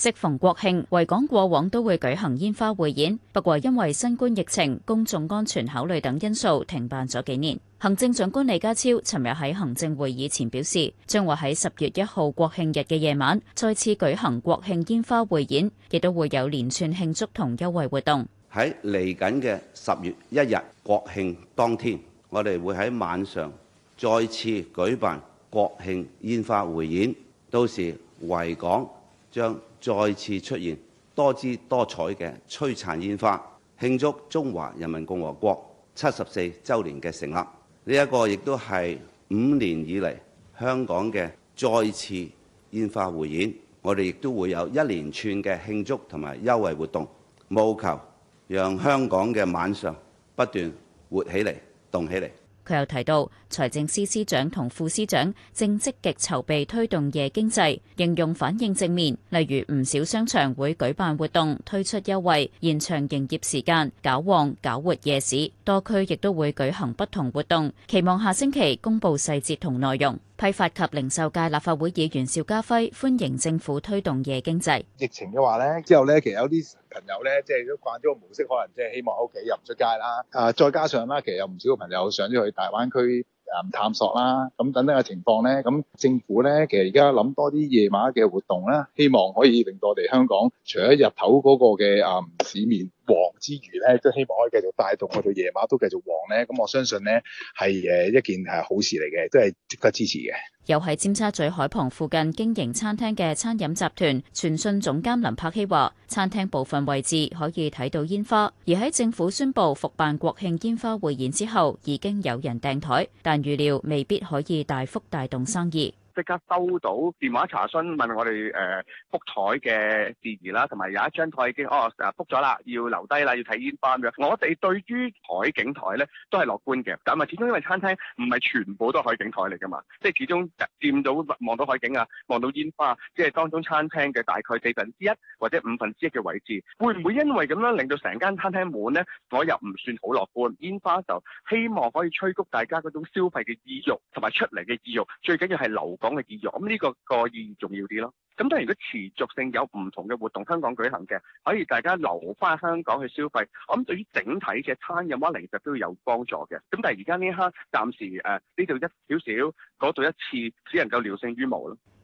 適逢國慶，維港過往都會舉行煙花匯演，不過因為新冠疫情、公眾安全考慮等因素，停辦咗幾年。行政長官李家超尋日喺行政會議前表示，將會喺十月一號國慶日嘅夜晚，再次舉行國慶煙花匯演，亦都會有連串慶祝同優惠活動。喺嚟緊嘅十月一日國慶當天，我哋會喺晚上再次舉辦國慶煙花匯演，到時維港，將再次出現多姿多彩嘅璀璨煙花，慶祝中華人民共和國七十四週年嘅成立。呢一個亦都係五年以嚟香港嘅再次煙花匯演，我哋亦都會有一連串嘅慶祝同埋優惠活動，務求讓香港嘅晚上不斷活起嚟，動起嚟。佢又提到，財政司司長同副司長正積極籌備推動夜經濟，形容反應正面，例如唔少商場會舉辦活動，推出優惠、延長營業時間，搞旺搞活夜市。多區亦都會舉行不同活動，期望下星期公布細節同內容。批發及零售界立法會議員邵家輝歡迎政府推動夜經濟。疫情嘅話咧，之後咧，其實有啲朋友咧，即係都慣咗個模式，可能即係希望喺屋企又唔出街啦。啊，再加上啦，其實有唔少嘅朋友上咗去大灣區啊探索啦。咁等等嘅情況咧，咁政府咧，其實而家諗多啲夜晚嘅活動啦，希望可以令到我哋香港除咗日頭嗰個嘅啊市面，旺之餘呢，都希望可以繼續帶動我哋夜晚都繼續旺呢。咁我相信呢，係誒一件係好事嚟嘅，都係值得支持嘅。又喺尖沙咀海旁附近經營餐廳嘅餐飲集團傳訊總監林柏希話，餐廳部分位置可以睇到煙花。而喺政府宣布復辦國慶煙花匯演之後，已經有人訂枱，但預料未必可以大幅帶動生意。即刻收到電話查詢問我哋誒覆枱嘅事宜啦，同埋有，有一張台已經哦覆咗啦，要留低啦，要睇煙花咁樣。我哋對於海景台呢都係樂觀嘅，咁係始終因為餐廳唔係全部都係海景台嚟噶嘛，即係始終佔到望到海景啊，望到煙花，即係當中餐廳嘅大概四分之一或者五分之一嘅位置，會唔會因為咁樣令到成間餐廳滿呢？我又唔算好樂觀。煙花就希望可以催谷大家嗰種消費嘅意欲同埋出嚟嘅意欲，最緊要係留港。講嘅意義，咁呢個個意義重要啲咯。咁當然，如果持續性有唔同嘅活動，香港舉行嘅，可以大家留翻香港去消費。我諗對於整體嘅餐飲或者零售都有幫助嘅。咁但係而家呢一刻，暫時呃、呢度一少少，嗰度一次夠性，只能夠聊勝於無咯。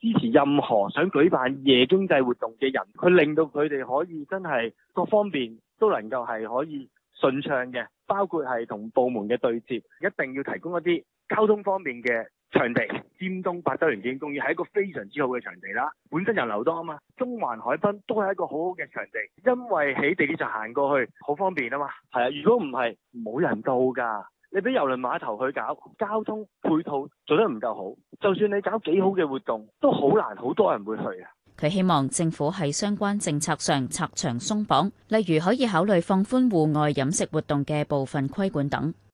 支持任何想舉辦夜經濟活動嘅人，佢令到佢哋可以真係各方面都能夠係可以順暢嘅，包括係同部門嘅對接，一定要提供一啲交通方面嘅場地。尖東百周年公園係一個非常之好嘅場地啦，本身人流多啊嘛，中環海濱都係一個好好嘅場地，因為喺地鐵站行過去好方便啊嘛。係啊，如果唔係冇人到㗎。你畀郵輪碼頭去搞交通配套做得唔夠好，就算你搞幾好嘅活動，都好難，好多人會去嘅。佢希望政府喺相關政策上拆牆鬆綁，例如可以考慮放寬戶外飲食活動嘅部分規管等。